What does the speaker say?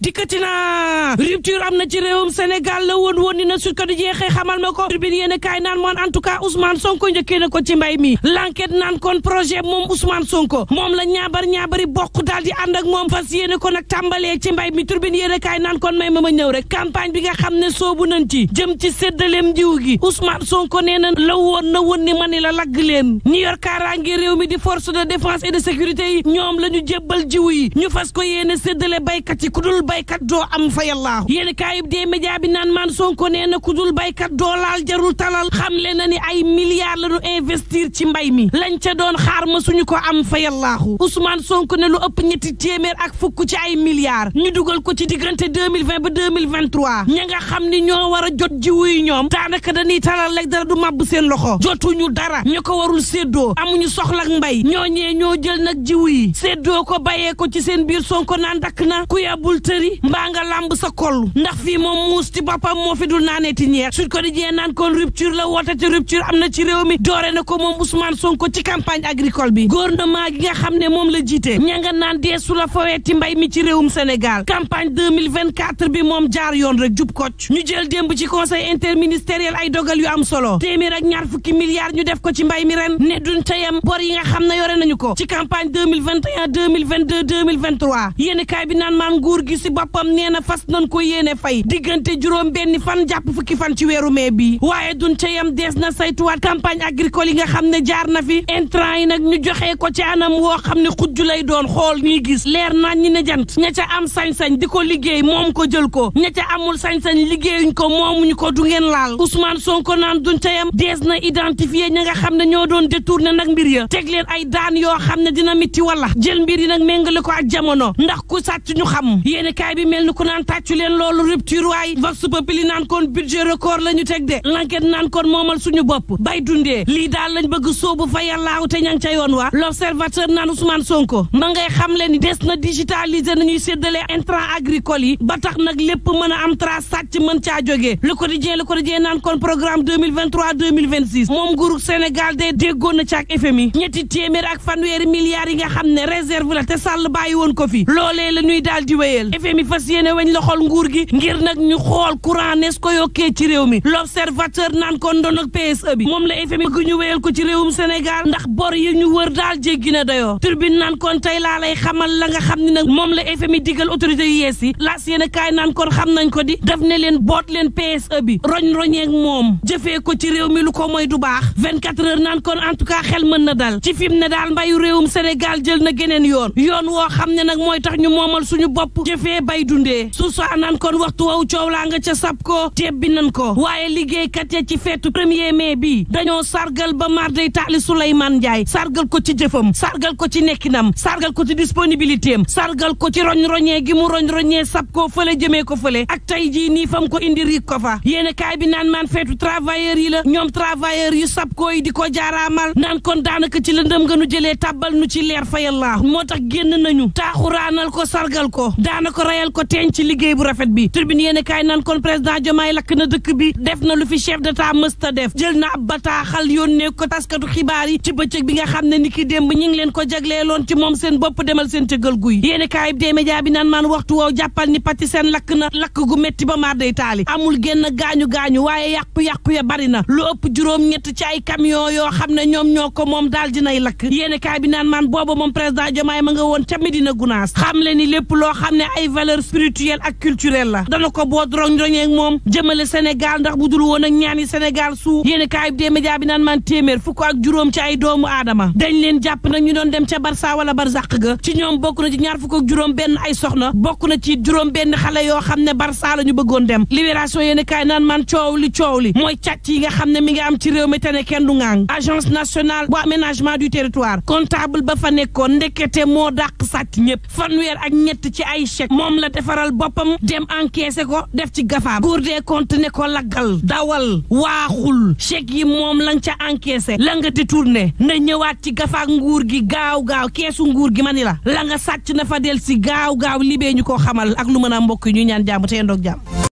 dikkati naa am na ci réewum Sénégal la woon woon na sut ko di jeexee xamal ma ko turbine yéen a kaay naan moon en tout cas Ousmane Sonko njëkkee na ko ci mbay mi l'enquête naan kon projet moom son ko moom la ñaabar ñaabari bokk daal di ànd ak moom fas yéene ko nag tàmbalee ci mbay mi turbine yéen a kaay naan kon may ma ma ñëw rek campagne bi nga xam ne soobu nañ ci jëm ci séddaleem jiw gi Ousmane Sonko nee na la woon na woon ni ma ni la lagg leen ñi yor kaaraange réew mi di force de défense et de sécurité yi ñoom la ñu jébbal jiw yi ñu fas ko yéene séddale baykat yi ku baykat doo am fa yàllaahu yéen kaayib dee média bi naan maan Sonko ne na ku dul baykat doo laal jarul talal xamle na ni ay milliards la ñu investir ci mbay mi lañ ca doon xaar ma suñu ko am fa yàllaahu Ousmane Sonko ne lu ëpp ñetti téeméer ak fukk ci ay milliards ñu dugal ko ci diggante 2020 ba 2023 ña nga xam ni ñoo war a jot jiwu yi ñoom daanaka dañuy talal rek dara du màbb seen loxo jotuñu dara ñu ko warul séddoo amuñu soxla ak mbay ñooñee ñoo jël nag jiwu yi séddoo ko bayee ko ci seen biir Sonko naan tëri mbaa nga làmb sa kollu ndax fii moom muus ci boppam moo fi dul naaneti ñeer Sud Quotidien naan kon rupture la woote ci rupture am na ci réew mi doore na ko moom Ousmane Sonko ci campagne agricole bi gouvernement gi nga xam ne moom la jiite ña ci mbay mi ci réewum Sénégal campagne 2024 bi moom jaar yoon rek jub kocc ñu jël démb ci conseil interministériel ay dogal yu am solo téeméer ak ñaar fukki milliards ñu def ko ci mbay mi ren ne duñ teyam bor yi nga xam ne yore nañu ko ci campagne 2021 2022 2023 yéen kaay bi naan maan nguur gi ci boppam nee na fas nañ ko yéene fay diggante juróom benn fan jàpp fukki fan ci weeru mai bi waaye dun ca yam dees na saytuwaat campagne agricole yi nga xam ne jaar na fi intrant yi nag ñu joxe ko ci anam woo xam ne xujju lay doon xool ñuy gis leer naa ñi ne jant ña ca am sañ-sañ di ko liggéey moom ko jël ko ña amul sañ-sañ liggéeyuñ ko moomuñu ko du ngeen laal Ousmane Sonko naan dun ca yam dees na identifier ña nga xam ne ñoo doon détourné nag mbir ya teg leen ay daan yoo xam ne dina mitti wala jël mbir yi nag méngale ko ak jamono yéenekaay bi mel ni ku naan tàccu leen loolu rupture waay vox populi naan kon budget record la ñu teg de l'enquête naan kon moomal suñu bopp bay dundee lii daal lañ bëgg sóobu fa yàllaaw te ña ca yoon waa l'observateur naan Ousmane Sonko ma ngay xam leen des na digitaliser nañuy séddale intrant agricole yi ba tax nag lépp mën a am trace sàcc mën caa jógee le quotidien le quotidien naan kon programme 2023 2026 moom nguurug Sénégal de déggoon na ci ak FMI ñetti téeméer yi nga xam ne réserve la te sàll bàyyi ko fi loolee FMI fas yéene weñ loxol nguur gi ngir nag ñu xool courant nees ko yokkee ci réew mi l'observateur naan ko ndonok PSE bi moom la FMI bëgg ñu wéyal ko ci réewum Sénégal ndax bor yi ñu wër daal jéggi na dayoo turbine naan kon xamal la nga xam ni nag moom la FMI digal autorité yu yees yi laas yéene kaay naan kon xam nañ ko di daf ne leen boot leen PSE bi roñ roñeeg moom jëfee ko ci réew mi lu ko mooy du baax 24 heures naan kon en tout cas xel mën na dal ci fi mu ne daal mbayu réewum na geneen yoon yoon woo xam ne nag mooy tax jàppee bay dundee su soi naan kon waxtu waw coow laa nga ca sab ko teeb bi nan ko waaye liggéey liggéeykat ya ci feetu premier mai bi dañoo sargal ba marday taali Souleymane Ndiaye sargal ko ci jëfam sargal ko ci nekkinam sargal ko ci disponibilité am sargal ko ci roñ-roñee gi mu roñ-roñee sab ko fële jëmee ko fële ak tey jii nii fam ko indi riig ko fa yéen kaay bi naan maan feetu travailleurs yi la ñoom travailleurs yi sab ko yi di ko jaaraamal naan kon daanaka ci lëndëm nga nu jëlee tabal nu ci leer fayallaahu moo tax génn nañu taaxuraanal ko sargal ko ko rayal ko teen ci liggéey bu rafet bi turbine yéen kaay naan kon président Diomaye lakk na dëkk bi def na lu fi chef d'état mësta def jël na ab bataaxal yónnee ko taskatu xibaar yi ci bëccëg bi nga xam ne ni ki démb ñi ngi leen ko jagleeloon ci moom seen bopp demal seen cëggal guy yéen kaay bi dee média bi naan maan waxtu woow jàppal ni pati seen lakk na lakk gu metti ba maar day taali amul génn gaañu-gaañu waaye yàqu-yàqu ya bari na lu ëpp juróom ñett ci ay camion yoo xam ne ñoom ñoo ko moom daal dinay lakk yéen kaay bi naan maan moom président Diomaye ma nga woon ca Medina Gounass xam le ni lépp valeur spirituelle ak culturelle la dana ko boot roñ-roñee ak moom jëmale Sénégal ndax bu dul woon ak ñaani Sénégal suuf yéen kaay bi dee naan man téeméer fukk ak juróom ci ay doomu aadama dañ leen jàpp nag ñu doon dem ca Barça wala Barzaq ga ci ñoom bokk na ci ñaar fukk ak juróom benn ay soxna bokk na ci juróom benn xale yoo xam ne Barça la ñu bëggoon dem libération yéen kaay naan man coow li coow li mooy càcc yi nga xam ne mi ngi am ci réew mi te kenn du ŋaang agence nationale bu aménagement du territoire comptable ba fa nekkoon ndekete moo dàq sàcc ñëpp fanweer ak ñett ci ay chèque moom la defaral boppam dem encaissé ko def ci gafaab Cour des comptes ne ko laggal dawal waaxul chèque yi moom la ca encaissé la nga détourné na ñëwaat ci gafaak nguur gi gaaw gaaw keesu nguur gi ma ni la la nga sàcc na fa del si gaaw gaaw libee ñu ko xamal ak lu mën a mbokk ñu ñaan jàmm te yendoog jàmm